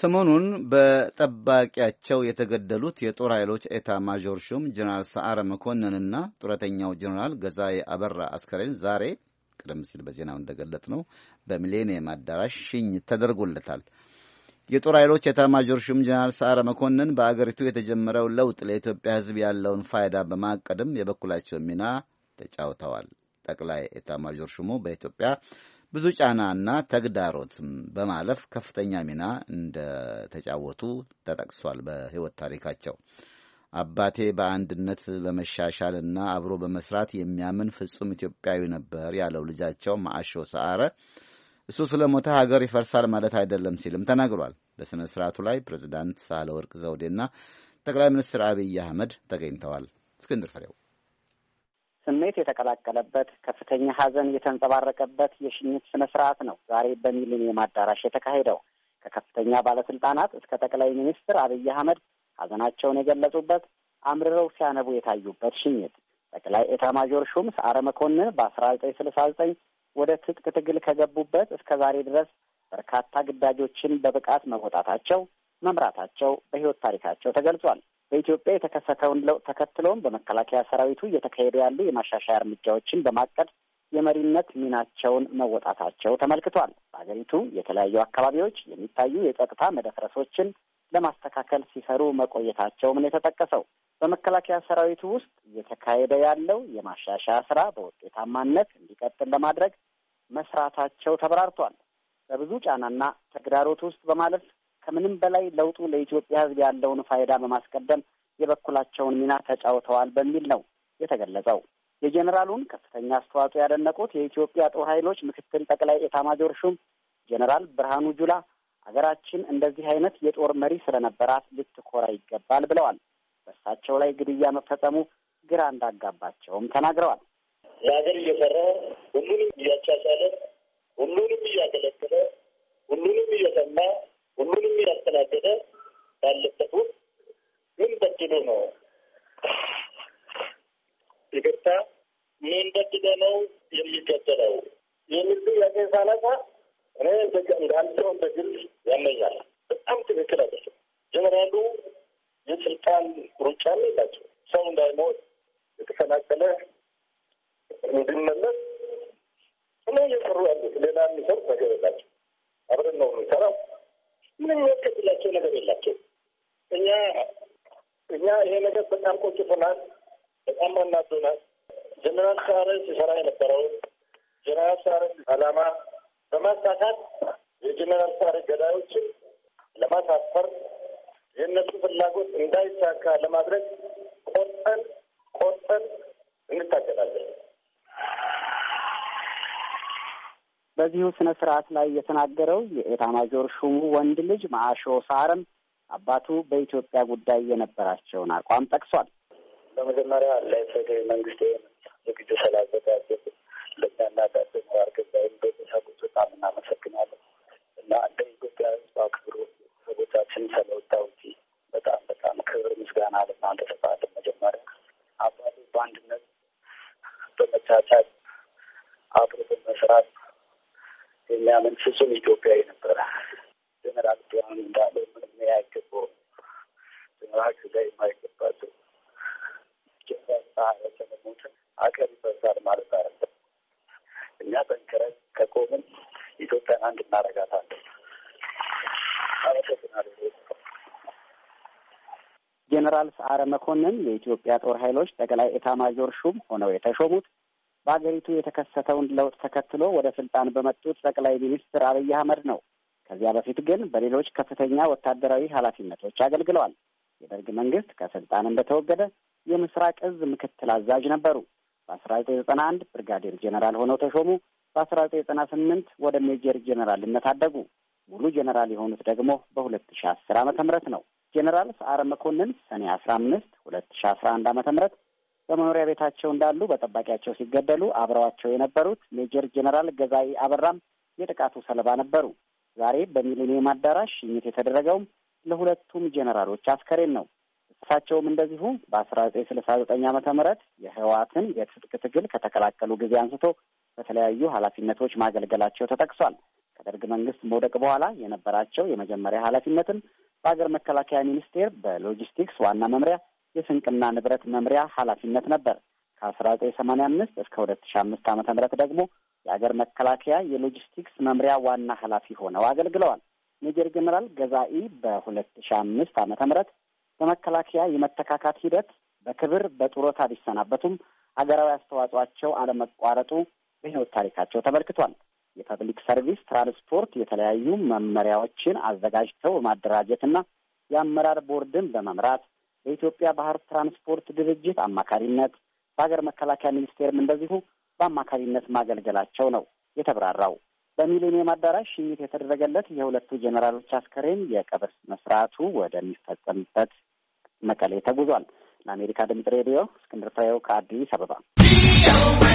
ሰሞኑን በጠባቂያቸው የተገደሉት የጦር ኃይሎች ኤታ ማዦር ሹም ጀነራል ሰዓረ መኮንንና ጡረተኛው ጀነራል ገዛይ አበራ አስከሬን ዛሬ ቀደም ሲል በዜናው እንደገለጥ ነው በሚሌኒየም አዳራሽ ሽኝ ተደርጎለታል። የጦር ኃይሎች ኤታማዦር ሹም ጀነራል ሰዓረ መኮንን በአገሪቱ የተጀመረው ለውጥ ለኢትዮጵያ ሕዝብ ያለውን ፋይዳ በማቀድም የበኩላቸው ሚና ተጫውተዋል። ጠቅላይ ኤታማዦር ሹሙ በኢትዮጵያ ብዙ ጫናና ተግዳሮትም በማለፍ ከፍተኛ ሚና እንደተጫወቱ ተጠቅሷል። በሕይወት ታሪካቸው አባቴ በአንድነት በመሻሻልና አብሮ በመስራት የሚያምን ፍጹም ኢትዮጵያዊ ነበር ያለው ልጃቸው ማአሾ ሰዓረ እሱ ስለ ሞተ ሀገር ይፈርሳል ማለት አይደለም ሲልም ተናግሯል። በሥነ ሥርዓቱ ላይ ፕሬዚዳንት ሳህለወርቅ ዘውዴና ጠቅላይ ሚኒስትር አብይ አህመድ ተገኝተዋል። እስክንድር ፍሬው ስሜት የተቀላቀለበት ከፍተኛ ሐዘን የተንጸባረቀበት የሽኝት ስነ ስርዓት ነው ዛሬ በሚሊኒየም አዳራሽ የተካሄደው። ከከፍተኛ ባለስልጣናት እስከ ጠቅላይ ሚኒስትር አብይ አህመድ ሐዘናቸውን የገለጹበት አምርረው ሲያነቡ የታዩበት ሽኝት ጠቅላይ ኤታማዦር ሹም ሰዓረ መኮንን በአስራ ዘጠኝ ስልሳ ዘጠኝ ወደ ትጥቅ ትግል ከገቡበት እስከ ዛሬ ድረስ በርካታ ግዳጆችን በብቃት መወጣታቸው፣ መምራታቸው በሕይወት ታሪካቸው ተገልጿል። በኢትዮጵያ የተከሰተውን ለውጥ ተከትለውም በመከላከያ ሰራዊቱ እየተካሄዱ ያሉ የማሻሻያ እርምጃዎችን በማቀድ የመሪነት ሚናቸውን መወጣታቸው ተመልክቷል። በሀገሪቱ የተለያዩ አካባቢዎች የሚታዩ የጸጥታ መደፍረሶችን ለማስተካከል ሲሰሩ መቆየታቸውም ነው የተጠቀሰው። በመከላከያ ሰራዊቱ ውስጥ እየተካሄደ ያለው የማሻሻያ ስራ በውጤታማነት እንዲቀጥል ለማድረግ መስራታቸው ተብራርቷል። በብዙ ጫናና ተግዳሮት ውስጥ በማለፍ ከምንም በላይ ለውጡ ለኢትዮጵያ ሕዝብ ያለውን ፋይዳ በማስቀደም የበኩላቸውን ሚና ተጫውተዋል በሚል ነው የተገለጸው። የጀኔራሉን ከፍተኛ አስተዋጽኦ ያደነቁት የኢትዮጵያ ጦር ኃይሎች ምክትል ጠቅላይ ኤታማጆር ሹም ጄኔራል ብርሃኑ ጁላ አገራችን እንደዚህ አይነት የጦር መሪ ስለነበራት ልትኮራ ይገባል ብለዋል። በእሳቸው ላይ ግድያ መፈጸሙ ግራ እንዳጋባቸውም ተናግረዋል። ለሀገር እየሰራ በሙሉ ይቅርታ ምን በድለ ነው የሚገደለው? የሚሉ ያገኝ ሳነሳ እኔ እንዳንተው ሰው በግል ያመኛል። በጣም ትክክል አለ። ጀነራሉ የስልጣን ሩጫ የላቸው ሰው እንዳይሞት የተፈናቀለ እንዲመለስ እና እየሰሩ ያሉት ሌላ የሚሰሩት ነገር የላቸው። አብረን ነው የምንሰራው። ምንም የሚያስከትላቸው ነገር የላቸው። እኛ እኛ ይሄ ነገር በጣም ቆጭቶናል። በጣም አናዶናል። ጀነራል ሳረ ሲሰራ የነበረውን ጀነራል ሳረ አላማ በማሳካት የጀነራል ሳረ ገዳዮችን ለማሳፈር የእነሱ ፍላጎት እንዳይሳካ ለማድረግ ቆርጠን ቆርጠን እንታገላለን። በዚሁ ስነ ስርዓት ላይ የተናገረው የኤታ ማጆር ሹሙ ወንድ ልጅ ማአሾ ሳረም አባቱ በኢትዮጵያ ጉዳይ የነበራቸውን አቋም ጠቅሷል። በመጀመሪያ ለኢፌዴሪ መንግስት ዝግጁ ስላዘጋጀ ለእኛና ለእኛ አርገዛይም ቤተሰቦችና እናመሰግናለን እና እንደ ኢትዮጵያ ሕዝብ አክብሮ ሰዎቻችን ስለወጣ ውጪ በጣም በጣም ክብር ምስጋና ለእናንተ ስፋት። መጀመሪያ አባሉ በአንድነት በመቻቻል አብሮ በመስራት የሚያምን ፍጹም ኢትዮጵያዊ ነበረ። ጀነራል ብርሃኑ እንዳለ ምንም አይገባውም። ጀነራል ገዛኢ የማይገባቸው ጀነራል ሀይለ ሰዓረ መኮንን የኢትዮጵያ ጦር ኃይሎች ጠቅላይ ኤታማዦር ሹም ሆነው የተሾሙት በአገሪቱ የተከሰተውን ለውጥ ተከትሎ ወደ ስልጣን በመጡት ጠቅላይ ሚኒስትር አብይ አህመድ ነው። ከዚያ በፊት ግን በሌሎች ከፍተኛ ወታደራዊ ኃላፊነቶች አገልግለዋል። የደርግ መንግስት ከስልጣን እንደተወገደ የምስራቅ እዝ ምክትል አዛዥ ነበሩ። አንድ ብርጋዴር ጄኔራል ሆነው ተሾሙ። በ1998 ወደ ሜጀር ጄኔራልነት አደጉ። ሙሉ ጄኔራል የሆኑት ደግሞ በ አስር ዓመተ ምህረት ነው። ጄኔራል ሰዓረ መኮንን ሰኔ 15 2011 ዓመተ ምህረት በመኖሪያ ቤታቸው እንዳሉ በጠባቂያቸው ሲገደሉ አብረዋቸው የነበሩት ሜጀር ጄኔራል ገዛኢ አበራም የጥቃቱ ሰለባ ነበሩ። ዛሬ በሚሊኒየም አዳራሽ ሽኝት የተደረገውም ለሁለቱም ጄኔራሎች አስከሬን ነው። እሳቸውም እንደዚሁ በአስራ ዘጠኝ ስልሳ ዘጠኝ ዓመተ ምህረት የህወሓትን የትጥቅ ትግል ከተቀላቀሉ ጊዜ አንስቶ በተለያዩ ኃላፊነቶች ማገልገላቸው ተጠቅሷል። ከደርግ መንግስት መውደቅ በኋላ የነበራቸው የመጀመሪያ ኃላፊነትም በሀገር መከላከያ ሚኒስቴር በሎጂስቲክስ ዋና መምሪያ የስንቅና ንብረት መምሪያ ኃላፊነት ነበር። ከአስራ ዘጠኝ ሰማንያ አምስት እስከ ሁለት ሺ አምስት ዓመተ ምህረት ደግሞ የሀገር መከላከያ የሎጂስቲክስ መምሪያ ዋና ኃላፊ ሆነው አገልግለዋል። ሜጀር ጀነራል ገዛኢ በሁለት ሺ አምስት ዓመተ ምህረት በመከላከያ የመተካካት ሂደት በክብር በጡረታ ቢሰናበቱም ሀገራዊ አስተዋጽኦአቸው አለመቋረጡ በሕይወት ታሪካቸው ተመልክቷል። የፐብሊክ ሰርቪስ ትራንስፖርት የተለያዩ መመሪያዎችን አዘጋጅተው በማደራጀትና የአመራር ቦርድን በመምራት በኢትዮጵያ ባህር ትራንስፖርት ድርጅት አማካሪነት በሀገር መከላከያ ሚኒስቴርም እንደዚሁ በአማካሪነት ማገልገላቸው ነው የተብራራው። በሚሊኒየም አዳራሽ ሽኝት የተደረገለት የሁለቱ ጄኔራሎች አስከሬን የቀብር ስነ ወደሚፈጸምበት መቀሌ ተጉዟል። ለአሜሪካ ድምጽ ሬዲዮ እስክንድር ፍሬው ከአዲስ አበባ